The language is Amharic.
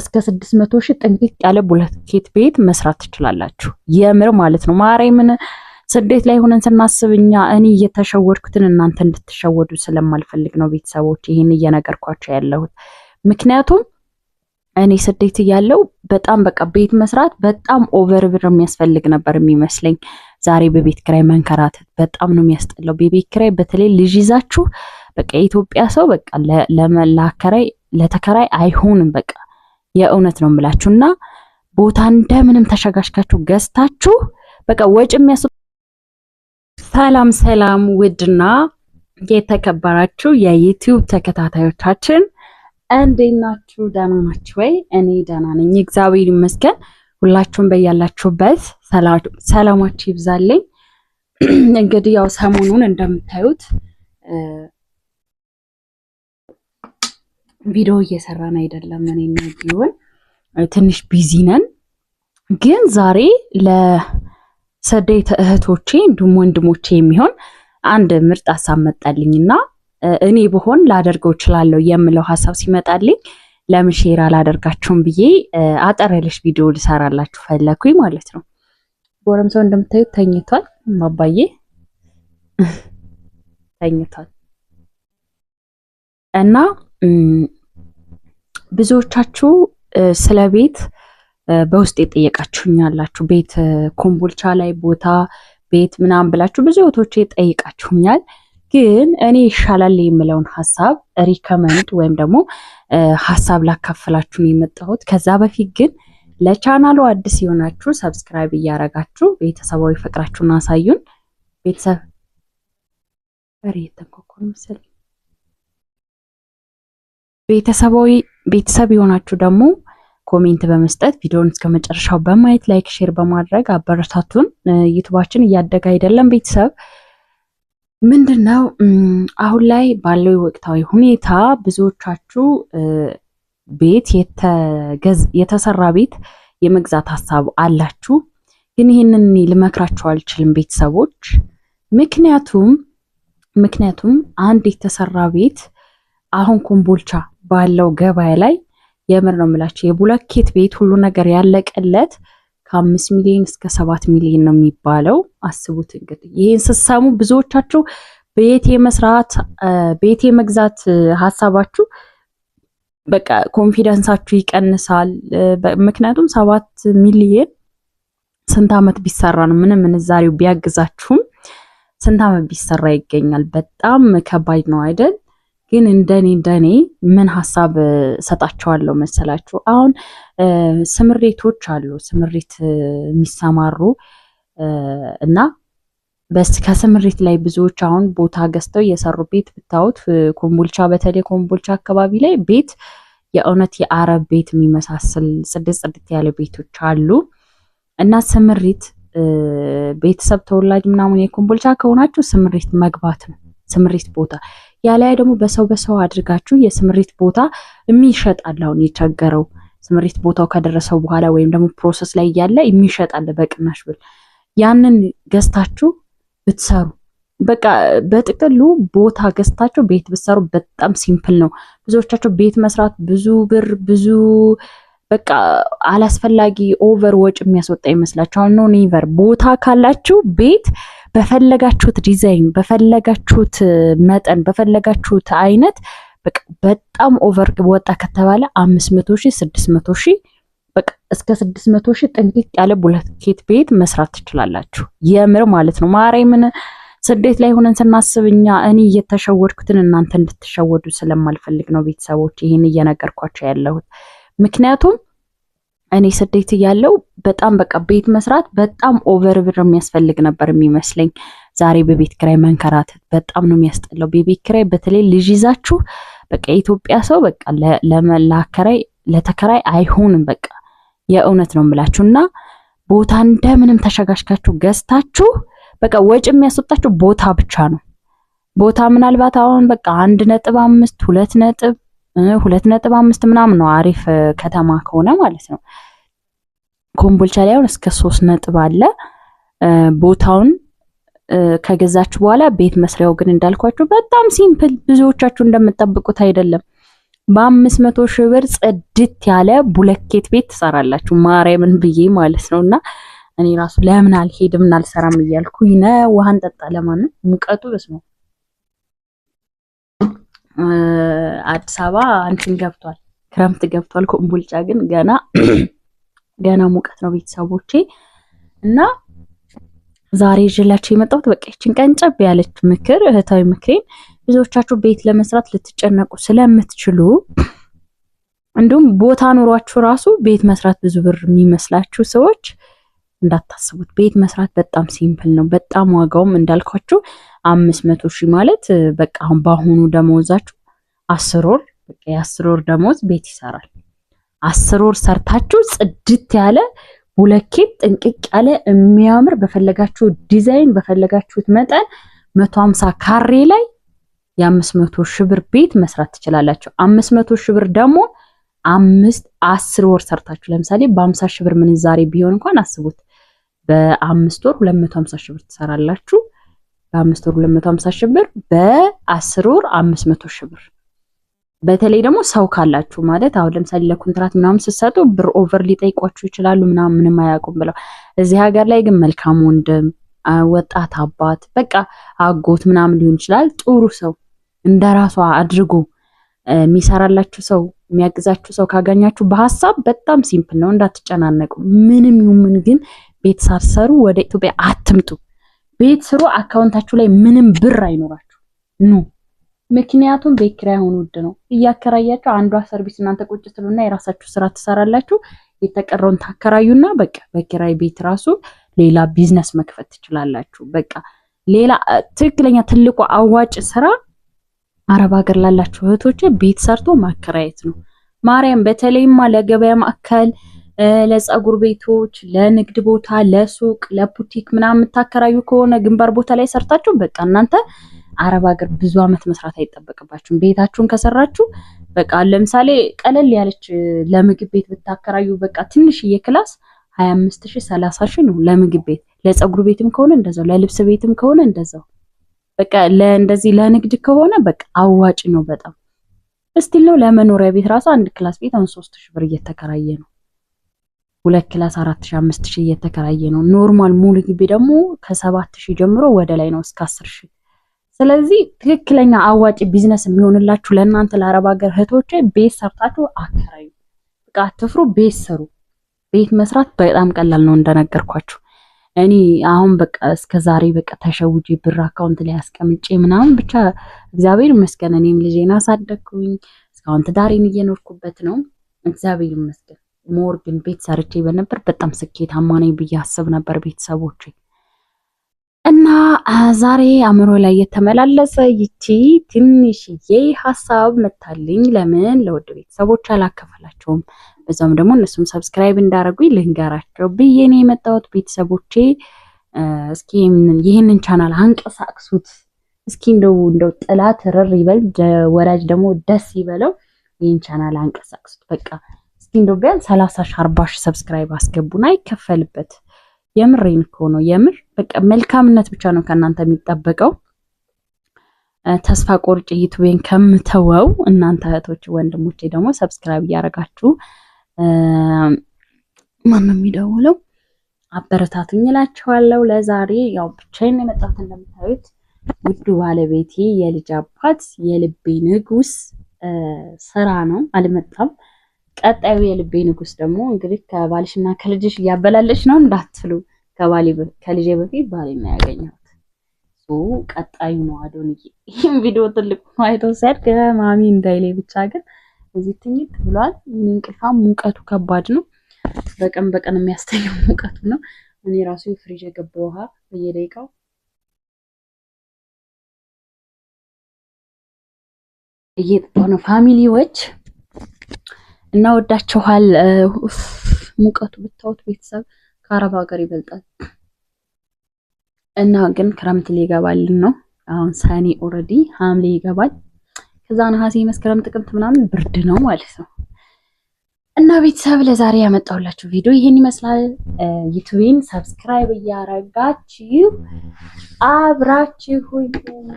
እስከ 600 ሺህ ጥንቅቅ ያለ ብሎኬት ቤት መስራት ትችላላችሁ። የምር ማለት ነው። ማርያምን ስደት ላይ ሆነን ስናስብ እኛ እኔ እየተሸወድኩትን እናንተ እንድትሸወዱ ስለማልፈልግ ነው ቤተሰቦች ይህን እየነገርኳቸው ያለሁት። ምክንያቱም እኔ ስደት እያለው በጣም በቃ ቤት መስራት በጣም ኦቨር ብር የሚያስፈልግ ነበር የሚመስለኝ። ዛሬ በቤት ክራይ መንከራተት በጣም ነው የሚያስጠላው። በቤት ክራይ በተለይ ልጅ ይዛችሁ በቃ የኢትዮጵያ ሰው በቃ ለመላከራይ ለተከራይ አይሆንም በቃ የእውነት ነው የምላችሁና ቦታ እንደምንም ተሸጋሽጋችሁ ገዝታችሁ በቃ ወጪ የሚያስ ሰላም ሰላም፣ ውድና የተከበራችሁ የዩቲዩብ ተከታታዮቻችን እንዴት ናችሁ? ደህና ናችሁ ወይ? እኔ ደህና ነኝ እግዚአብሔር ይመስገን። ሁላችሁም በያላችሁበት ሰላማችሁ ይብዛልኝ። እንግዲህ ያው ሰሞኑን እንደምታዩት ቪዲዮ እየሰራን አይደለም። እኔና ቢሆን ትንሽ ቢዚ ነን፣ ግን ዛሬ ለሰደይት እህቶቼ እንዲሁም ወንድሞቼ የሚሆን አንድ ምርጥ ሀሳብ መጣልኝና እኔ ብሆን ላደርገው እችላለሁ የምለው ሀሳብ ሲመጣልኝ ለምን ሼር አላደርጋችሁም ብዬ አጠር ያለሽ ቪዲዮ ልሰራላችሁ ፈለኩኝ ማለት ነው። ሰው እንደምታዩት ተኝቷል። ማባዬ ተኝቷል እና ብዙዎቻችሁ ስለ ቤት በውስጥ የጠየቃችሁኝ ያላችሁ ቤት ኮምቦልቻ ላይ ቦታ ቤት ምናምን ብላችሁ ብዙ እህቶቼ ጠይቃችሁኛል። ግን እኔ ይሻላል የምለውን ሀሳብ ሪከመንድ ወይም ደግሞ ሀሳብ ላካፍላችሁ ነው የመጣሁት። ከዛ በፊት ግን ለቻናሉ አዲስ የሆናችሁ ሰብስክራይብ እያረጋችሁ ቤተሰባዊ ፍቅራችሁን አሳዩን። ቤተሰብ ሬ ቤተሰባዊ ቤተሰብ የሆናችሁ ደግሞ ኮሜንት በመስጠት ቪዲዮን እስከ መጨረሻው በማየት ላይክ፣ ሼር በማድረግ አበረታቱን። ዩቱባችን እያደገ አይደለም ቤተሰብ ምንድን ነው አሁን ላይ ባለው ወቅታዊ ሁኔታ ብዙዎቻችሁ ቤት የተሰራ ቤት የመግዛት ሀሳብ አላችሁ። ግን ይህንን ልመክራቸው ልመክራችሁ አልችልም ቤተሰቦች። ምክንያቱም ምክንያቱም አንድ የተሰራ ቤት አሁን ኮምቦልቻ ባለው ገበያ ላይ የምር ነው የምላቸው የቡለኬት ቤት ሁሉ ነገር ያለቀለት ከአምስት ሚሊዮን እስከ ሰባት ሚሊዮን ነው የሚባለው። አስቡት እንግዲህ ይህን ስትሰሙ ብዙዎቻችሁ ቤት የመስራት ቤት የመግዛት ሀሳባችሁ በቃ ኮንፊደንሳችሁ ይቀንሳል። ምክንያቱም ሰባት ሚሊዮን ስንት ዓመት ቢሰራ ነው? ምንም ምንዛሬው ቢያግዛችሁም ስንት ዓመት ቢሰራ ይገኛል? በጣም ከባድ ነው አይደል? ግን እንደኔ እንደኔ ምን ሀሳብ ሰጣቸዋለሁ መሰላችሁ? አሁን ስምሬቶች አሉ፣ ስምሬት የሚሰማሩ እና ከስምሪት ላይ ብዙዎች አሁን ቦታ ገዝተው እየሰሩ ቤት ብታዩት፣ ኮምቦልቻ በተለይ ኮምቦልቻ አካባቢ ላይ ቤት የእውነት የአረብ ቤት የሚመሳስል ጽድት ጽድት ያለ ቤቶች አሉ እና ስምሪት ቤተሰብ ተወላጅ ምናምን የኮምቦልቻ ከሆናችሁ ስምሪት መግባት ነው። ስምሪት ቦታ ላይ ደግሞ በሰው በሰው አድርጋችሁ የስምሪት ቦታ የሚሸጣል። አሁን የቸገረው ስምሪት ቦታው ከደረሰው በኋላ ወይም ደግሞ ፕሮሰስ ላይ እያለ የሚሸጣል በቅናሽ ብል ያንን ገዝታችሁ ብትሰሩ በቃ በጥቅሉ ቦታ ገዝታችሁ ቤት ብትሰሩ በጣም ሲምፕል ነው። ብዙዎቻቸው ቤት መስራት ብዙ ብር ብዙ በቃ አላስፈላጊ ኦቨር ወጪ የሚያስወጣ ይመስላችኋል? ኖ ኔቨር። ቦታ ካላችሁ ቤት በፈለጋችሁት ዲዛይን፣ በፈለጋችሁት መጠን፣ በፈለጋችሁት አይነት በጣም ኦቨር ወጣ ከተባለ አምስት መቶ ሺህ ስድስት መቶ ሺህ በቃ እስከ ስድስት መቶ ሺህ ጥንቅቅ ያለ ብሎኬት ቤት መስራት ትችላላችሁ። የምር ማለት ነው። ማርያምን ስደት ላይ ሆነን ስናስብ እኛ እኔ እየተሸወድኩትን እናንተ እንድትሸወዱ ስለማልፈልግ ነው ቤተሰቦች ይህን እየነገርኳቸው ያለሁት። ምክንያቱም እኔ ስደት ያለው በጣም በቃ ቤት መስራት በጣም ኦቨር ብር የሚያስፈልግ ነበር የሚመስለኝ። ዛሬ በቤት ክራይ መንከራተት በጣም ነው የሚያስጠላው። በቤት ክራይ በተለይ ልጅ ይዛችሁ በቃ የኢትዮጵያ ሰው በቃ ለመላከራይ ለተከራይ አይሆንም። በቃ የእውነት ነው የምላችሁ እና ቦታ እንደምንም ተሸጋሽጋችሁ ገዝታችሁ በቃ ወጪ የሚያስወጣችሁ ቦታ ብቻ ነው። ቦታ ምናልባት አሁን በቃ አንድ ነጥብ አምስት ሁለት ነጥብ ሁለት ነጥብ አምስት ምናምን ነው አሪፍ ከተማ ከሆነ ማለት ነው። ኮምቦልቻ ላይ አሁን እስከ ሶስት ነጥብ አለ። ቦታውን ከገዛችሁ በኋላ ቤት መስሪያው ግን እንዳልኳችሁ በጣም ሲምፕል፣ ብዙዎቻችሁ እንደምትጠብቁት አይደለም። በአምስት መቶ ሺህ ብር ጽድት ያለ ቡለኬት ቤት ትሰራላችሁ። ማርያምን ብዬ ማለት ነው እና እኔ ራሱ ለምን አልሄድም አልሰራም እያልኩኝ ነው። ውሃን ጠጣ ሙቀቱ በስመ አብ አዲስ አበባ እንትን ገብቷል፣ ክረምት ገብቷል። ኮምቦልጫ ግን ገና ገና ሙቀት ነው ቤተሰቦቼ። እና ዛሬ ይዤላችሁ የመጣሁት በቃ ይችን ቀንጨብ ያለች ምክር እህታዊ ምክሬን ብዙዎቻችሁ ቤት ለመስራት ልትጨነቁ ስለምትችሉ እንዲሁም ቦታ ኑሯችሁ ራሱ ቤት መስራት ብዙ ብር የሚመስላችሁ ሰዎች እንዳታስቡት። ቤት መስራት በጣም ሲምፕል ነው። በጣም ዋጋውም እንዳልኳችሁ አምስት መቶ ሺህ ማለት በቃ አሁን በአሁኑ ደመወዛችሁ አስር ወር በቃ የአስር ወር ደመወዝ ቤት ይሰራል። አስር ወር ሰርታችሁ ጽድት ያለ ቡለኬት ጥንቅቅ ያለ የሚያምር በፈለጋችሁ ዲዛይን በፈለጋችሁት መጠን መቶ ሀምሳ ካሬ ላይ የአምስት መቶ ሺህ ብር ቤት መስራት ትችላላችሁ። አምስት መቶ ሺህ ብር ደግሞ አምስት አስር ወር ሰርታችሁ ለምሳሌ በአምሳ ሺህ ብር ምንዛሬ ቢሆን እንኳን አስቡት። በአምስት ወር 250 ሺህ ብር ትሰራላችሁ። በአምስት ወር 250 ሺህ ብር፣ በአስር ወር 500 ሺህ ብር። በተለይ ደግሞ ሰው ካላችሁ ማለት አሁን ለምሳሌ ለኮንትራት ምናምን ስትሰጡ ብር ኦቨር ሊጠይቋችሁ ይችላሉ ምናምን ምንም አያውቁም ብለው። እዚህ ሀገር ላይ ግን መልካም ወንድም፣ ወጣት አባት፣ በቃ አጎት ምናምን ሊሆን ይችላል ጥሩ ሰው እንደ ራሷ አድርጎ የሚሰራላችሁ ሰው የሚያግዛችሁ ሰው ካገኛችሁ በሀሳብ በጣም ሲምፕል ነው፣ እንዳትጨናነቁ። ምንም ይሁን ግን ቤት ሳትሰሩ ወደ ኢትዮጵያ አትምጡ። ቤት ስሩ፣ አካውንታችሁ ላይ ምንም ብር አይኖራችሁ ኑ። ምክንያቱም ቤት ኪራይ አሁን ውድ ነው። እያከራያችሁ አንዷ ሰርቪስ እናንተ ቁጭ ትሉና የራሳችሁ ስራ ትሰራላችሁ። የተቀረውን ታከራዩና በቃ በኪራይ ቤት ራሱ ሌላ ቢዝነስ መክፈት ትችላላችሁ። በቃ ሌላ ትክክለኛ ትልቁ አዋጭ ስራ አረብ ሀገር ላላችሁ እህቶች ቤት ሰርቶ ማከራየት ነው። ማርያም በተለይማ ለገበያ ማዕከል ለጸጉር ቤቶች፣ ለንግድ ቦታ፣ ለሱቅ፣ ለቡቲክ ምናምን የምታከራዩ ከሆነ ግንባር ቦታ ላይ ሰርታችሁ በቃ እናንተ አረብ ሀገር ብዙ አመት መስራት አይጠበቅባችሁም። ቤታችሁን ከሰራችሁ በቃ ለምሳሌ ቀለል ያለች ለምግብ ቤት ብታከራዩ በቃ ትንሽዬ ክላስ ሀያ አምስት ሺ ሰላሳ ሺ ነው ለምግብ ቤት። ለጸጉር ቤትም ከሆነ እንደዛው፣ ለልብስ ቤትም ከሆነ እንደዛው። በቃ ለእንደዚህ ለንግድ ከሆነ በቃ አዋጭ ነው በጣም እስቲል ነው። ለመኖሪያ ቤት ራሱ አንድ ክላስ ቤት አሁን ሶስት ሺ ብር እየተከራየ ነው። ሁለት ክላስ አራት ሺ አምስት ሺ እየተከራየ ነው። ኖርማል ሙሉ ግቢ ደግሞ ከሰባት ሺ ጀምሮ ወደ ላይ ነው እስከ አስር ሺ ስለዚህ ትክክለኛ አዋጭ ቢዝነስ የሚሆንላችሁ ለእናንተ ለአረብ ሀገር እህቶች ቤት ሰርታችሁ አከራዩ። በቃ አትፍሩ፣ ቤት ሰሩ። ቤት መስራት በጣም ቀላል ነው እንደነገርኳችሁ። እኔ አሁን በቃ እስከ ዛሬ በቃ ተሸውጄ ብር አካውንት ላይ አስቀምጬ ምናምን ብቻ እግዚአብሔር ይመስገን እኔም ልጄን አሳደግኩኝ። እስካሁን ትዳሬን እየኖርኩበት ነው። እግዚአብሔር ይመስገን። ሞር ግን ቤት ሰርቼ በነበር በጣም ስኬታማ ነኝ ብዬ አስብ ነበር ቤተሰቦች እና ዛሬ አእምሮ ላይ የተመላለሰ ይቺ ትንሽዬ ሀሳብ መታልኝ። ለምን ለውድ ቤተሰቦች አላከፈላቸውም? በዛም ደግሞ እነሱም ሰብስክራይብ እንዳደረጉ ልንገራቸው ብዬ ነው የመጣሁት። ቤተሰቦቼ እስኪ ይህንን ቻናል አንቀሳቅሱት እስኪ እንደው እንደው ጥላት ርር ይበል፣ ወዳጅ ደግሞ ደስ ይበለው። ይህን ቻናል አንቀሳቅሱት በቃ እንደው ቢያንስ ሰላሳ ሺህ 40 ሺህ ሰብስክራይብ አስገቡን። አይከፈልበት። የምሬን እኮ ነው። የምር በቃ መልካምነት ብቻ ነው ከእናንተ የሚጠበቀው። ተስፋ ቆርጭ ዩቱቤን ከምተወው እናንተ እህቶች ወንድሞቼ ደግሞ ሰብስክራይብ እያደረጋችሁ ማን ነው የሚደውለው? አበረታቱኝ እላችኋለሁ። ለዛሬ ያው ብቻዬን የመጣሁት እንደምታዩት ውዱ ባለቤቴ የልጅ አባት የልቤ ንጉስ ስራ ነው። አልመጣም ቀጣዩ የልቤ ንጉስ ደግሞ እንግዲህ ከባልሽና ከልጅሽ እያበላለች ነው እንዳትሉ፣ ከልጄ በፊት ባሌና ያገኘሁት ቀጣዩ ነው አዶን። ይህም ቪዲዮ ትልቅ ማየቶ ሲያድ ከማሚ እንዳይሌ ብቻ ግን እዚህ ትኝት ብሏል። እንቅልፋም ሙቀቱ ከባድ ነው። በቀን በቀን የሚያስተኛው ሙቀቱ ነው። እኔ ራሱ ፍሪጅ የገባ ውሃ በየደቂቃው እየጠጣሁ ነው ፋሚሊዎች እናወዳችኋል። ሙቀቱ ብታውት ቤተሰብ ከአረብ ሀገር ይበልጣል። እና ግን ክረምት ሊገባልን ነው። አሁን ሰኔ ኦልሬዲ ሐምሌ ይገባል። ከዛ ነሐሴ፣ መስከረም፣ ጥቅምት ምናምን ብርድ ነው ማለት ነው። እና ቤተሰብ ለዛሬ ያመጣሁላችሁ ቪዲዮ ይህን ይመስላል። ዩቱቤን ሰብስክራይብ እያረጋችሁ አብራችሁ ሁሉ